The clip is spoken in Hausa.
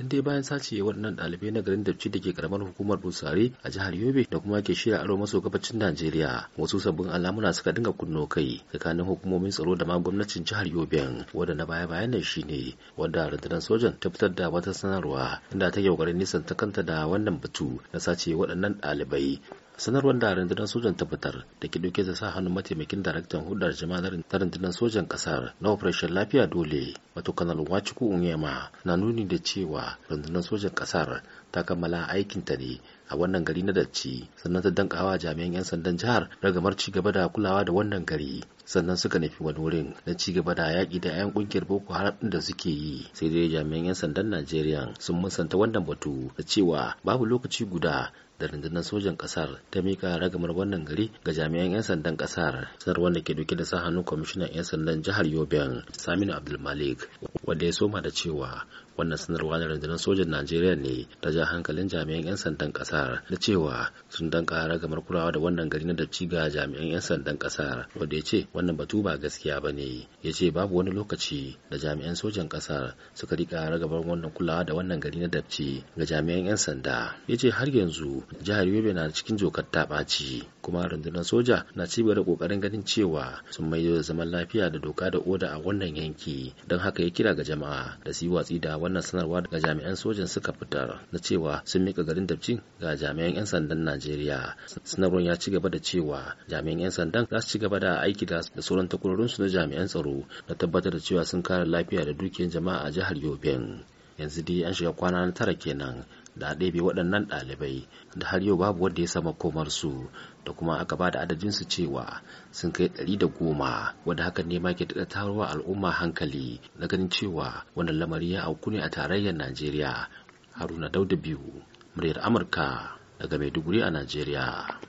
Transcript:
tun dai bayan sace waɗannan ɗalibai na garin dabci da ke karamar hukumar busari a jihar yobe da kuma ke shirya aro maso gabacin najeriya wasu sabbin alamuna suka dinga kunno kai tsakanin hukumomin tsaro da ma gwamnatin jihar yobe wanda na baya bayan nan shine wanda rundunar sojan ta fitar da wata sanarwa inda ta yaugarin nisan ta kanta da wannan batu na sace waɗannan ɗalibai sanarwar da rundunar sojan ta fitar da ke dauke da sa hannun mataimakin daraktan hudar jama'ar rundunar sojan kasar na operation lafiya dole wato kanal wachuku unyema na nuni da cewa rundunar sojan kasar ta kammala aikinta ne a wannan gari na dacci sannan ta dankawa jami'an 'yan sandan jihar ragamar ci gaba da kulawa da wannan gari sannan suka nufi wani wurin na ci gaba da yaƙi da 'yan ƙungiyar boko haram da suke yi sai dai jami'an 'yan sandan najeriya sun musanta wannan batu da cewa babu lokaci guda da rundunar sojan kasar ta mika ragamar wannan gari ga jami'an 'yan sandan kasar sanar wanda ke dauke da sa hannun kwamishinan 'yan sandan jihar yobin saminu abdulmalik wanda ya soma da cewa wannan sanarwa na rundunar sojan najeriya ne ta ja hankalin jami'an 'yan sandan kasar da cewa sun danka ragamar kulawa da wannan gari na dabci ga jami'an 'yan sandan kasar wanda ya ce wannan batu ba gaskiya ba ne ya ce babu wani lokaci da jami'an sojan kasar suka rika ragabar wannan kulawa da wannan gari na dabci ga jami'an 'yan sanda ya ce har yanzu jihar yobe na cikin jokar ta ɓaci kuma rundunar soja na cibiyar da kokarin ganin cewa sun maido da zaman lafiya da doka da oda a wannan yanki don haka ya kira ga jama'a da su yi watsi da wannan sanarwa daga jami'an sojan suka fitar na cewa sun mika garin dabci ga jami'an 'yan sandan najeriya sanarwar ya ci gaba da cewa jami'an 'yan sandan za su ci gaba da aiki da sauran su na jami'an tsaro da tabbatar da cewa sun kare lafiya da dukiyar jama'a a jihar yobe yanzu dai an shiga kwana na tara kenan da a ɗebe waɗannan ɗalibai da har yau babu wanda ya sama komar da kuma aka ba da adadin su cewa sun kai ɗari da goma wanda hakan ne ma ke daɗa tarowa al'umma hankali na ganin cewa wannan lamari ya auku ne a tarayyar Najeriya Haruna Dauda biyu muryar Amurka daga Maiduguri a Najeriya.